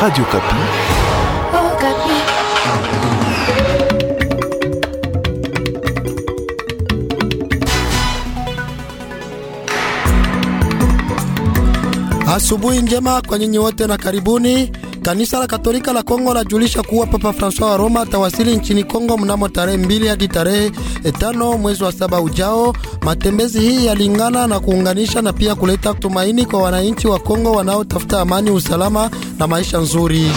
Radio Kapi. Oh, Kapi. Asubuhi njema kwa nyinyi wote na karibuni. Kanisa la Katolika la Kongo lajulisha kuwa Papa François wa Roma atawasili nchini Kongo mnamo tarehe mbili hadi tarehe eh, tano mwezi wa saba ujao. Matembezi hii yalingana na kuunganisha na pia kuleta tumaini kwa wananchi wa Kongo wanaotafuta amani, usalama na maisha nzuri.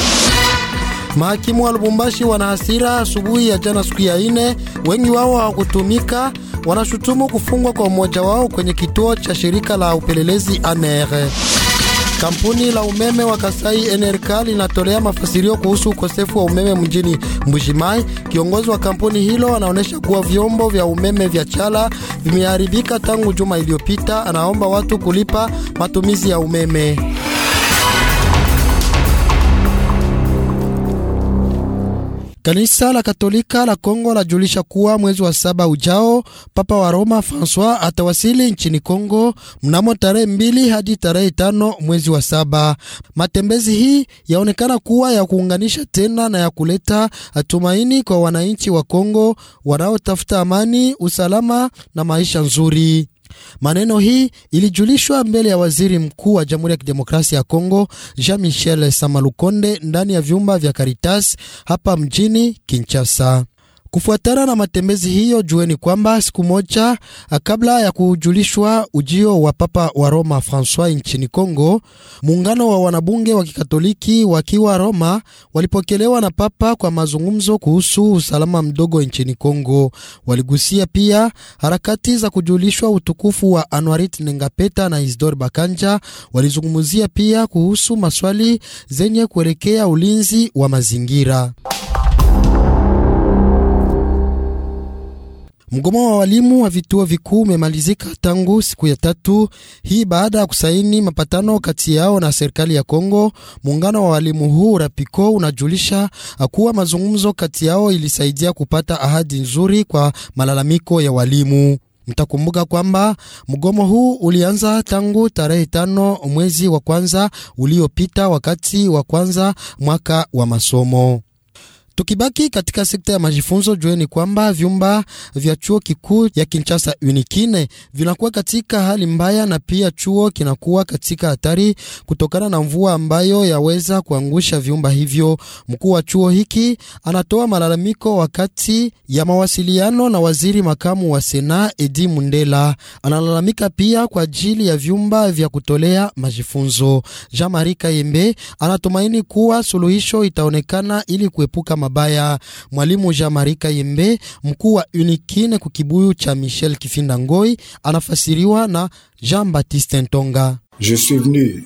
Mahakimu wa Lubumbashi wana hasira. Asubuhi ya jana, siku ya ine, wengi wao hawakutumika. Wanashutumu kufungwa kwa mmoja wao kwenye kituo cha shirika la upelelezi ANR. Kampuni la umeme wa Kasai nrk linatolea mafasirio kuhusu ukosefu wa umeme mjini Mbushimai. Kiongozi wa kampuni hilo anaonyesha kuwa vyombo vya umeme vya Chala vimeharibika tangu juma iliyopita. Anaomba watu kulipa matumizi ya umeme. Kanisa la Katolika la Kongo lajulisha kuwa mwezi wa saba ujao Papa wa Roma Francois atawasili nchini Kongo mnamo tarehe mbili hadi tarehe tano mwezi wa saba. Matembezi hii yaonekana kuwa ya kuunganisha tena na ya kuleta tumaini kwa wananchi wa Kongo wanaotafuta amani, usalama na maisha nzuri. Maneno hii ilijulishwa mbele ya waziri mkuu wa Jamhuri ya Kidemokrasia ya Kongo Jean Michel Samalukonde ndani ya vyumba vya Caritas hapa mjini Kinshasa. Kufuatana na matembezi hiyo, jueni kwamba siku moja ah, kabla ya kujulishwa ujio wa Papa wa Roma Francois nchini Kongo, muungano wa wanabunge wa Kikatoliki wakiwa Roma walipokelewa na Papa kwa mazungumzo kuhusu usalama mdogo nchini Kongo. Waligusia pia harakati za kujulishwa utukufu wa Anwarit Nengapeta na Isidore Bakanja. Walizungumzia pia kuhusu maswali zenye kuelekea ulinzi wa mazingira. Mgomo wa walimu wa vituo vikuu umemalizika tangu siku ya tatu hii baada ya kusaini mapatano kati yao na serikali ya Kongo. Muungano wa walimu huu Rapiko unajulisha kuwa mazungumzo kati yao ilisaidia kupata ahadi nzuri kwa malalamiko ya walimu. Mtakumbuka kwamba mgomo huu ulianza tangu tarehe tano mwezi wa kwanza uliopita, wakati wa kwanza mwaka wa masomo. Tukibaki katika sekta ya majifunzo, jueni kwamba vyumba vya chuo kikuu ya Kinshasa Unikine vinakuwa katika hali mbaya, na pia chuo kinakuwa katika hatari kutokana na mvua ambayo yaweza kuangusha vyumba hivyo. Mkuu wa chuo hiki anatoa malalamiko wakati ya mawasiliano na waziri makamu wa Sena Edi Mundela. Analalamika pia kwa ajili ya vyumba vya kutolea majifunzo. Jean Marie Kayembe anatumaini kuwa suluhisho itaonekana ili kuepuka mabaya mwalimu Jean-Marika Yembe, mkuu wa Unikine kibuyu cha Michel Kifinda Ngoi, anafasiriwa na Jean-Baptiste Ntonga. Je suis venu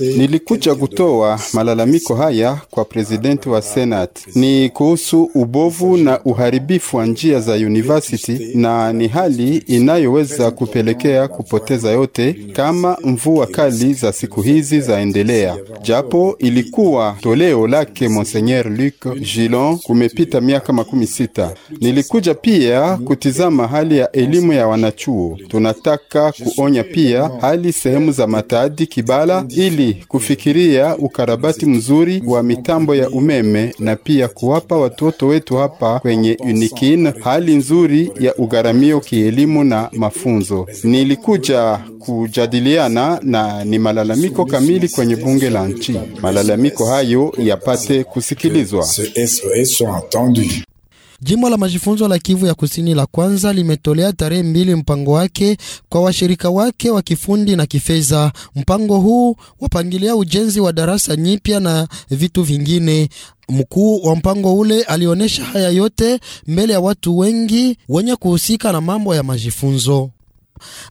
Nilikuja kutoa malalamiko haya kwa presidenti wa Senate. Ni kuhusu ubovu na uharibifu wa njia za university, na ni hali inayoweza kupelekea kupoteza yote kama mvua kali za siku hizi zaendelea. Japo ilikuwa toleo lake Monseigneur Luc Gillon kumepita miaka makumi sita. Nilikuja pia kutizama hali ya elimu ya wanachuo. Tunataka kuonya pia hali sehemu za Matadi, Kibala dola ili kufikiria ukarabati mzuri wa mitambo ya umeme na pia kuwapa watoto wetu hapa kwenye UNIKIN hali nzuri ya ugharamio kielimu na mafunzo. Nilikuja kujadiliana na ni malalamiko kamili kwenye bunge la nchi, malalamiko hayo yapate kusikilizwa. Jimbo la majifunzo la Kivu ya Kusini la kwanza limetolea tarehe mbili mpango wake kwa washirika wake wa kifundi na kifedha. Mpango huu wapangilia ujenzi wa darasa nyipya na vitu vingine. Mkuu wa mpango ule alionyesha haya yote mbele ya watu wengi wenye kuhusika na mambo ya majifunzo.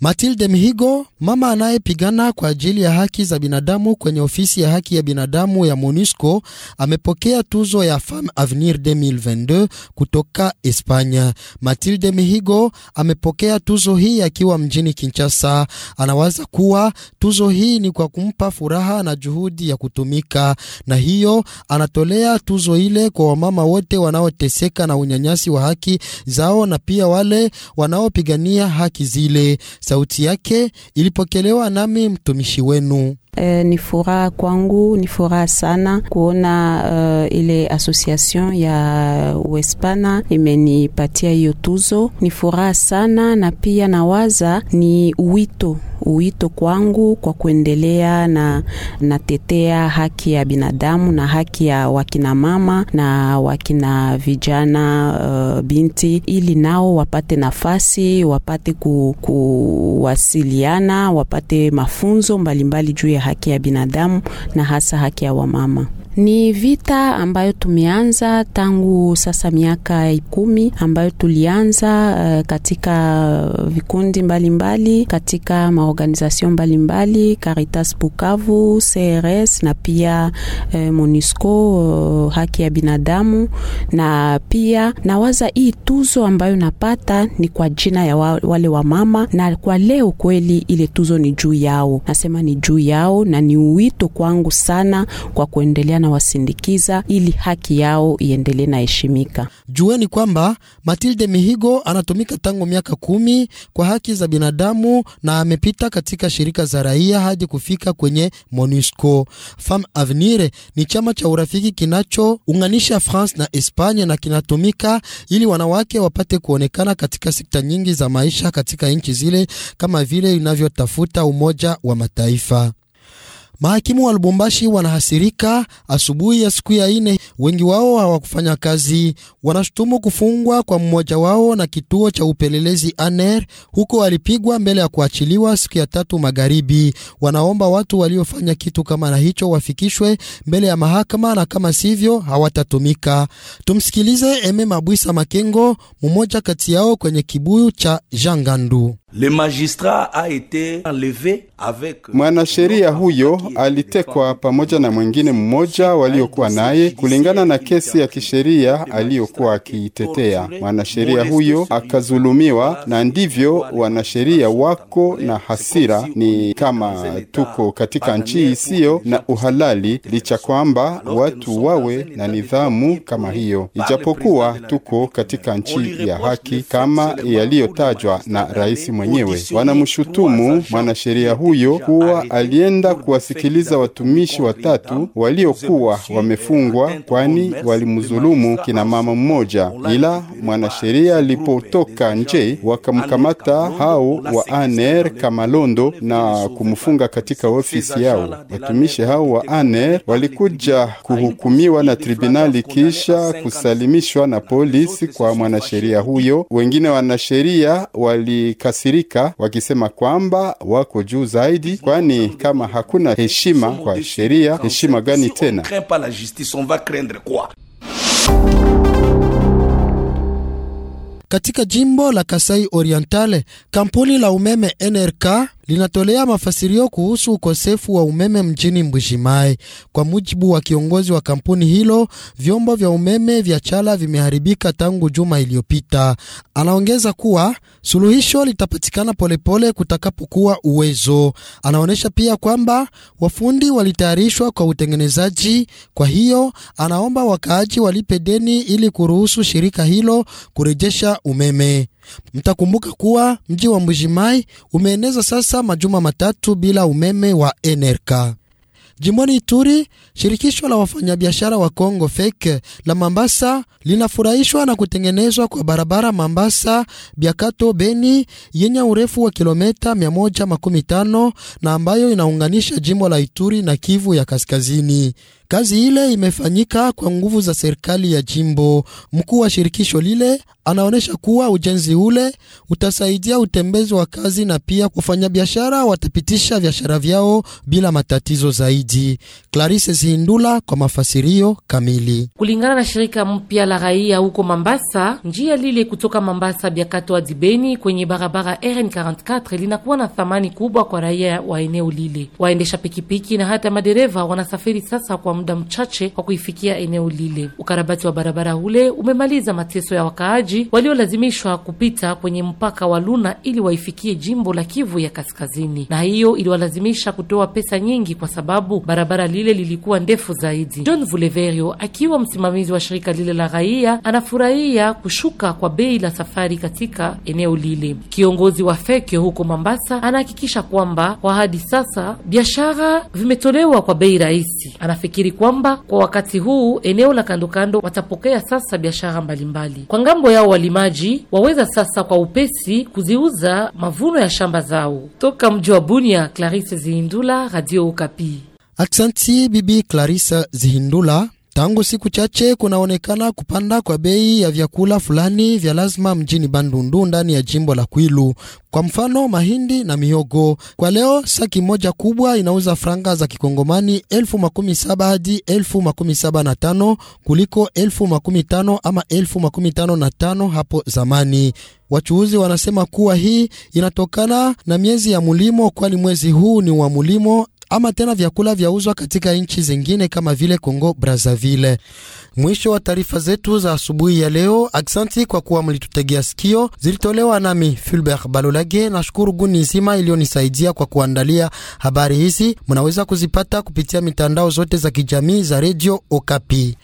Matilde mihigo mama anayepigana kwa ajili ya haki za binadamu kwenye ofisi ya haki ya binadamu ya MONUSCO, amepokea tuzo ya Femme Avenir 2022 kutoka espanya Matilde mihigo amepokea tuzo hii akiwa mjini Kinshasa. Anawaza kuwa tuzo hii ni kwa kumpa furaha na juhudi ya kutumika, na hiyo anatolea tuzo ile kwa wamama wote wanaoteseka na unyanyasi wa haki zao na pia wale wanaopigania haki zile sauti yake ilipokelewa nami mtumishi wenu. E, ni furaha kwangu, ni furaha sana kuona uh, ile association ya eh, Uespana imenipatia hiyo tuzo. Ni furaha sana na pia nawaza ni wito wito kwangu kwa kuendelea na natetea haki ya binadamu na haki ya wakina mama na wakina vijana uh, binti, ili nao wapate nafasi, wapate kuwasiliana, wapate mafunzo mbalimbali juu ya haki ya binadamu na hasa haki ya wamama. Ni vita ambayo tumeanza tangu sasa miaka kumi ambayo tulianza uh, katika vikundi mbalimbali mbali, katika maorganizasio mbalimbali Caritas Bukavu, CRS na pia uh, eh, MONUSCO uh, eh, haki ya binadamu, na pia nawaza hii tuzo ambayo napata ni kwa jina ya wale wa mama, na kwa leo kweli ile tuzo ni juu yao, nasema ni juu yao, na ni wito kwangu sana kwa kuendelea wanawasindikiza ili haki yao iendelee na heshimika. Jueni kwamba Matilde Mihigo anatumika tangu miaka kumi kwa haki za binadamu na amepita katika shirika za raia hadi kufika kwenye MONUSCO. Femme Avenir ni chama cha urafiki kinachounganisha France na Espanya na kinatumika ili wanawake wapate kuonekana katika sekta nyingi za maisha katika nchi zile kama vile inavyotafuta Umoja wa Mataifa. Mahakimu wa Lubumbashi wanahasirika. Asubuhi ya siku ya ine, wengi wao hawakufanya kazi. Wanashutumu kufungwa kwa mmoja wao na kituo cha upelelezi ANER huko alipigwa mbele ya kuachiliwa siku ya tatu magharibi. Wanaomba watu waliofanya kitu kama na hicho wafikishwe mbele ya mahakama, na kama sivyo hawatatumika. Tumsikilize Eme Mabwisa Makengo, mmoja kati yao kwenye kibuyu cha Jangandu. Mwanasheria huyo alitekwa pamoja na mwingine mmoja waliokuwa naye kulingana na kesi ya kisheria aliyokuwa akiitetea. Mwanasheria huyo akazulumiwa, na ndivyo wanasheria wako na hasira. Ni kama tuko katika nchi isiyo na uhalali, licha kwamba watu wawe na nidhamu kama hiyo, ijapokuwa tuko katika nchi ya haki kama yaliyotajwa na rais mwenyewe. Wanamshutumu mwanasheria huyo kuwa alienda kuwasikiliza watumishi watatu waliokuwa wamefungwa, kwani walimdhulumu kinamama mmoja, ila mwanasheria alipotoka nje wakamkamata hao wa ANR Kamalondo na kumfunga katika ofisi yao. Watumishi hao wa ANR walikuja kuhukumiwa na tribunali kisha kusalimishwa na polisi kwa mwanasheria huyo. Wengine wanasheria walikasi waathirika wakisema kwamba wako juu zaidi, kwani kama hakuna heshima kwa sheria, heshima gani tena? Katika jimbo la Kasai Orientale, kampuni la umeme NRK linatolea mafasirio kuhusu ukosefu wa umeme mjini Mbujimai. Kwa mujibu wa kiongozi wa kampuni hilo, vyombo vya umeme vya Chala vimeharibika tangu juma iliyopita. Anaongeza kuwa Suluhisho litapatikana polepole kutakapokuwa uwezo. Anaonyesha pia kwamba wafundi walitayarishwa kwa utengenezaji, kwa hiyo anaomba wakaaji walipe deni ili kuruhusu shirika hilo kurejesha umeme. Mtakumbuka kuwa mji wa Mbujimai umeeneza sasa majuma matatu bila umeme wa Enerka. Jimboni Ituri, shirikisho la wafanyabiashara wa Kongo fek la Mambasa linafurahishwa na kutengenezwa kwa barabara Mambasa Biakato Beni yenye urefu wa kilometa 115 na ambayo inaunganisha jimbo la Ituri na Kivu ya Kaskazini. Kazi ile imefanyika kwa nguvu za serikali ya jimbo. Mkuu wa shirikisho lile anaonyesha kuwa ujenzi ule utasaidia utembezi wa kazi na pia wafanyabiashara watapitisha biashara vyao bila matatizo zaidi. Clarisse Zindula kwa mafasirio kamili. Kulingana na shirika mpya la raia huko Mambasa, njia lile kutoka Mambasa Biakato hadi Beni kwenye barabara RN 44 linakuwa na thamani kubwa kwa raia wa eneo lile. Waendesha pikipiki na hata madereva wanasafiri sasa kwa muda mchache kwa kuifikia eneo lile. Ukarabati wa barabara ule umemaliza mateso ya wakaaji waliolazimishwa kupita kwenye mpaka wa Luna ili waifikie jimbo la Kivu ya Kaskazini, na hiyo iliwalazimisha kutoa pesa nyingi kwa sababu barabara lile lilikuwa ndefu zaidi. John Vuleverio akiwa msimamizi wa shirika lile la raia anafurahia kushuka kwa bei la safari katika eneo lile. Kiongozi wa Fekyo huko Mambasa anahakikisha kwamba kwa hadi sasa biashara vimetolewa kwa bei rahisi. Anafikiri ni kwamba kwa wakati huu eneo la kandokando watapokea sasa biashara mbalimbali. Kwa ngambo yao, walimaji waweza sasa kwa upesi kuziuza mavuno ya shamba zao. Toka mji wa Bunia, Clarisse Zihindula, Radio Okapi. Aksanti Bibi Clarisse Zihindula. Tangu siku chache kunaonekana kupanda kwa bei ya vyakula fulani vya lazima mjini Bandundu ndani ya jimbo la Kwilu. Kwa mfano mahindi na mihogo. Kwa leo saki moja kubwa inauza franga za kikongomani elfu makumi saba hadi elfu makumi saba na tano kuliko elfu makumi tano ama elfu makumi tano na tano hapo zamani. Wachuuzi wanasema kuwa hii inatokana na miezi ya mulimo, kwani mwezi huu ni wa mulimo ama tena vyakula vyauzwa katika nchi zingine kama vile Kongo Brazzaville. Mwisho wa taarifa zetu za asubuhi ya leo. Aksanti kwa kuwa mlitutegea sikio, zilitolewa nami Fulbert Balolage. na shukuru guni nzima iliyonisaidia kwa kuandalia habari hizi. Mnaweza kuzipata kupitia mitandao zote za kijamii za Radio Okapi.